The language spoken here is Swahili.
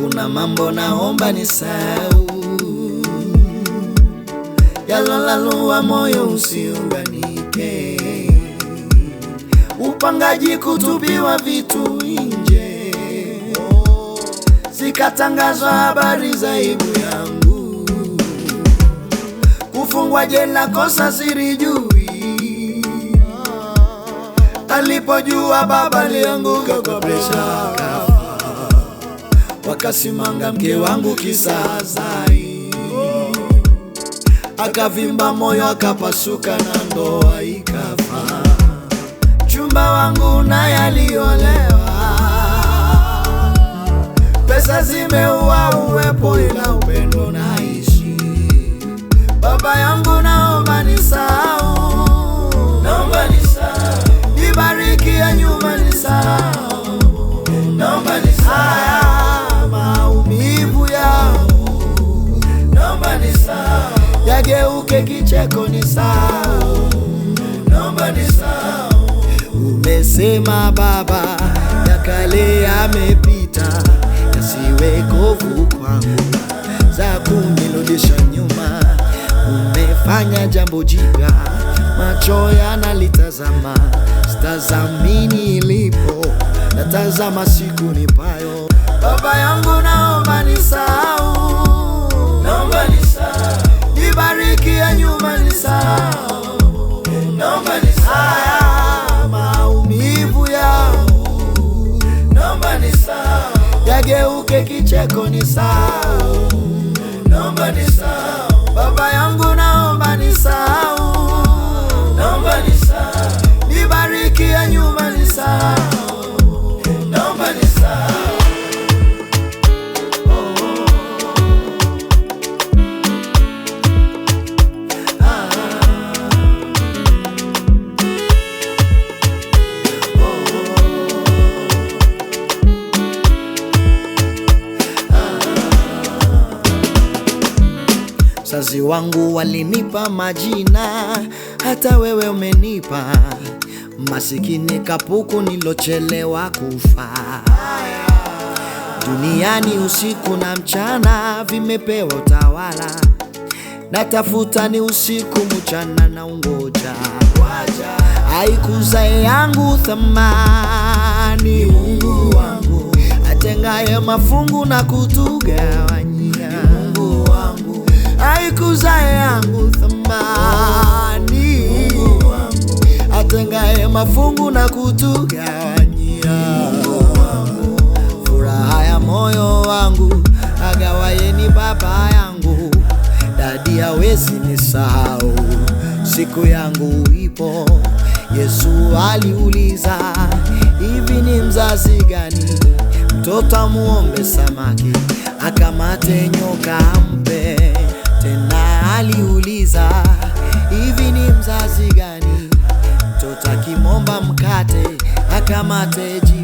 kuna mambo naomba ni sau yalolaluwa moyo usiunganike, upangaji kutubiwa vitu nje, zikatangazwa habari za aibu yangu, kufungwa jela kosa sirijui, alipojua baba alianguka kwa presha wakasimanga mke wangu kisazai, akavimba moyo akapasuka na ndoa ikafa. Chumba wangu naye aliolewa, pesa zimeua uwepo, ila upendo naishi baba yangu na kicheko ni sawa, naomba ni sawa. Umesema Baba, ya kale yamepita, yasiwe kovu kwangu za kunirudisha nyuma. Umefanya jambo jipya, macho yanalitazama, sitazamini ilipo, natazama siku nipayo Baba yangu nao kicheko ni sawa, naomba ni sawa, baba yangu Wazazi wangu walinipa majina, hata wewe umenipa masikini kapuku, nilochelewa kufa duniani. Usiku na mchana vimepewa utawala, natafuta ni usiku mchana na ungoja. Haikuza yangu thamani, Mungu wangu atengaye mafungu na kutugawanya haikuzaa yangu thamani, atengaye mafungu na kutugawanyia furaha ya moyo wangu, agawayeni baba yangu, dadi hawezi nisahau, siku yangu ipo. Yesu aliuliza, hivi ni mzazi gani mtoto amuombe samaki akamate nyoka ampe? Tena aliuliza hivi, ni mzazi gani mtoto kimomba mkate akamate